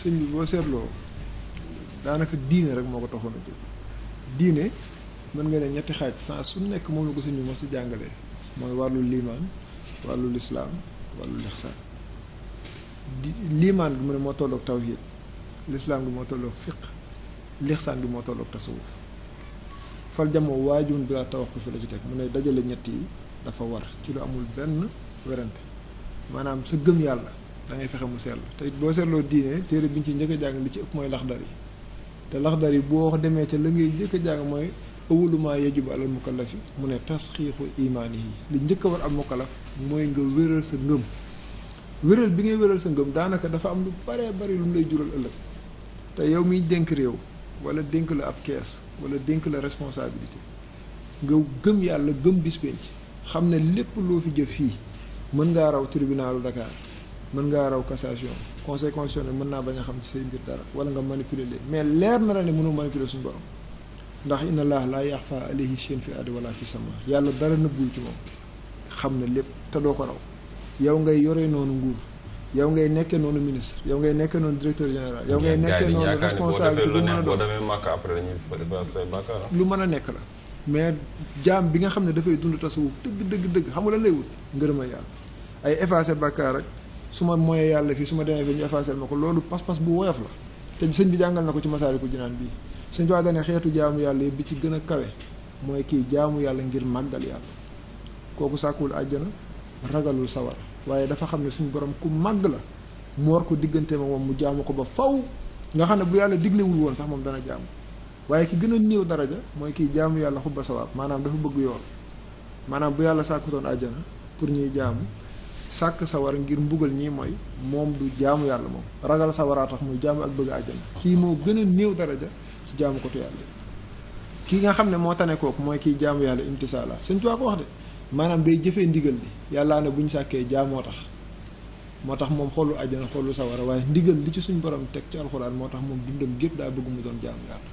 sëñ bi boo seetloo daanaka diine rek moo ko taxoon jóg diine mën nga ne ñetti xaaj saa su nekk moom la ko sëñ bi mos si jàngalee mooy wàllu liimaan wàllu lislaam wàllu lixsaan liimaan bi mu ne moo tolloog tawhid lislaam gi moo tolloog fiq lixsaan gi moo tolloog tasawuf fal jamoo waajun bi laa ko fi la ci teg mu ne dajale ñett yi dafa war ci lu amul benn werante maanaam sa gëm yàlla da fexe mu sell te it boo seetloo diine téere bi ñu ci njëkk jàng li ci ëpp mooy laxdar yi te laxdar yi boo wax demee ca la ngay njëkk a jàng mooy awwalumaa yajibu alal mukallafi mu ne tasxiixu imaan yi li njëkk war am mukallaf mooy nga wéral sa ngëm wéral bi ngay wéral sa ngëm daanaka dafa am lu baree bari lu mu lay jural ëllëg te yow miy dénk réew wala dénk la ab kees wala denk la responsabilité nga gëm yàlla gëm bis xam ne lépp loo fi jëf fii mën ngaa raw tribunalu Dakar mën ngaa raw cassation conseil ne mën naa bañ a xam ci say mbir dara wala nga manipuler leen mais leer na la ne mënoo manipuler suñu borom ndax inna allah laa fa alayhi shay'un fi ardi wala fi sama yàlla dara nëbbul ci moom xam ne lépp te doo ko raw yow ngay yore noonu nguur yow ngay nekkee noonu ministre yow ngay nekke noonu directeur général yow ngay nekkee noonu responsable lu mën a doon mën a nekk la mais jaam bi nga xam ne dafay dund tasawuf dëgg dëgg dëgg xam nga lan lay wut ngërëmal yàlla ay effacé bàkkaar ak su ma moyee yàlla fii su ma demee fii ñu effacel ko loolu pas-pas bu woyof la te sëñ bi jàngal na ko ci Masaalikul Jinaan bii sëñ Tuubaa dane xeetu jaamu yàlla yi bi ci gën a kawe mooy kii jaamu yàlla ngir màggal yàlla kooku sàkkuwul àjjana ragalul sawar waaye dafa xam ne suñu borom ku màgg la mu war ko diggante ma moom mu jaamu ko ba faw nga xam ne bu yàlla diglewul woon sax moom dana jaamu waaye ki gën a néew daraja mooy kii jaamu yàlla xubba sawaab maanaam dafa bëgg yoon maanaam bu yàlla sàkkutoon àjjana pour ñuy jaamu sàkk sawara ngir mbugal ñii mooy moom du jaamu yàlla moom ragal sawara tax muy jaamu ak bëgg àjjana kii moo gën a néew daraja ci jaamu kotu yàlla kii nga xam ne moo tane kooku mooy kiy jaamu yàlla imtisaala sëñ Tuubaa ko wax de maanaam day jëfee ndigal li yàllaa ne bu ñu sàkkee jaamoo tax moo tax moom xoolu àjjana xoolu sawara waaye ndigal li ci suñ borom teg ci alxuraan moo tax moom dundam gépp daa bëgg mu doon jaamu yàlla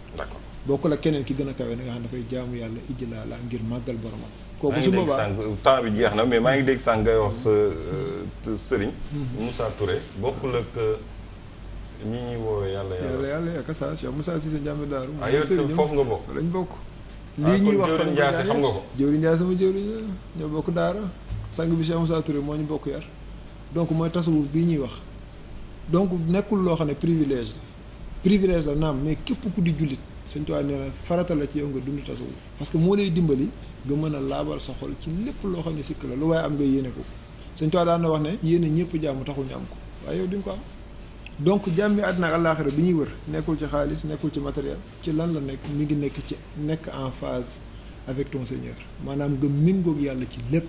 d'accord la keneen ki gën a kawe na nga xam ne dafay jaamu yàlla ijji laa laa ngir màggal boromam kooku su boobaa maa ngi dégg sànq temps bi jeex na mais maa ngi dégg sànq ngay wax sa euh, sëriñ. Moussa Touré bokkul ak euh, ñi ñuy woowee yàlla yàlla. yàlla yàlla kasa Cheikh Moussa Cissé Ndiamé Daaru. ah yow foofu nga bokk lañ bokk. Ah, lii ñuy wax fan nga xam nga ko jëwriñ Ndiaye sama jëwriñ ñoo bokk daara sang bi Cheikh Moussa Touré moo ñu bokk yar donc mooy tasawuf bii ñuy wax donc nekkul loo xam ne privilège la privilège la naam mais képp ku di jullit sëñ Tuubaa nee na farata la ci yow nga dund tasawuf parce que moo lay dimbali nga mën a laabal sa xol ci lépp loo xam ne sikk la lu waaye am nga yéene ko sëñ Tuubaa daan na wax ne yéene ñëpp jàmm taxul ñu am ko waaye yow duñ ko am donc jàmmi àddina ak àllaaxira bi ñuy wër nekkul ci xaalis nekkul ci matériel ci lan la nekk mi ngi nekk ci nekk en phase avec ton Seigneur maanaam nga méngoog yàlla ci lépp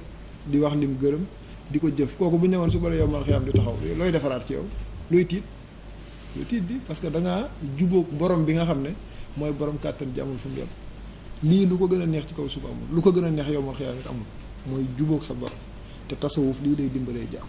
di wax lim gërëm di ko jëf kooku bu ñëwoon suba la yow man xiyam di taxaw looy defaraat ci yow nga tiit di parce que da jubook boroom bi nga xam ne mooy borom kàttan ji amul fu mu yem lii lu ko gën a neex ci kaw suba amul lu ko gën a neex yow ma xiyaamit amul mooy jubóog sa borom te tasawuf lii day dimbalee jaam